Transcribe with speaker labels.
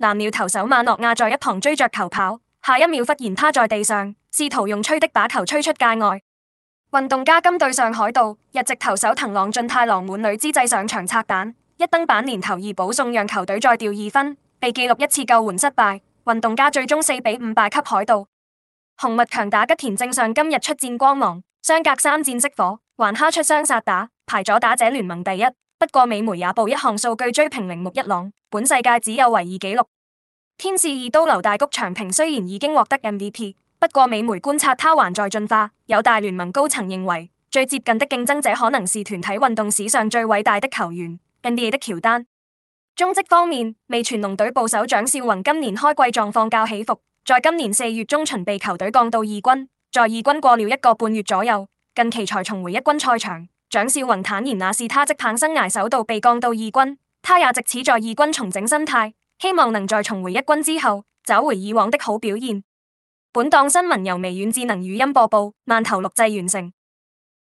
Speaker 1: 藍鳥投手馬諾亞在一旁追着球跑，下一秒忽然塌在地上，試圖用吹的把球吹出界外。運動家今對上海盜，日籍投手藤浪俊太郎滿壘之際上場拆彈，一登板連投二保送，讓球隊再掉二分，被記錄一次救援失敗。運動家最終四比五敗給海盜。紅襪強打吉田正上今日出戰光芒，相隔三戰熄火，還敲出雙殺打，排咗打者聯盟第一。不過美媒也報一項數據追平鈴木一朗，本世界只有唯二紀錄。天使二刀流大谷翔平雖然已經獲得 MVP，不過美媒觀察他還在進化。有大聯盟高層認為，最接近的競爭者可能是團體運動史上最偉大的球員 NBA 的喬丹。中職方面，味全龍隊捕手蔣少宏今年開季狀況較起伏，在今年四月中旬被球隊降到二軍，在二軍過了一個半月左右，近期才重回一軍賽場。蔣少雲坦言，那是他職棒生涯首度被降到二軍，他也借此在二軍重整心態，希望能在重回一軍之後找回以往的好表現。本檔新聞由微軟智能語音播報，萬頭錄製完成。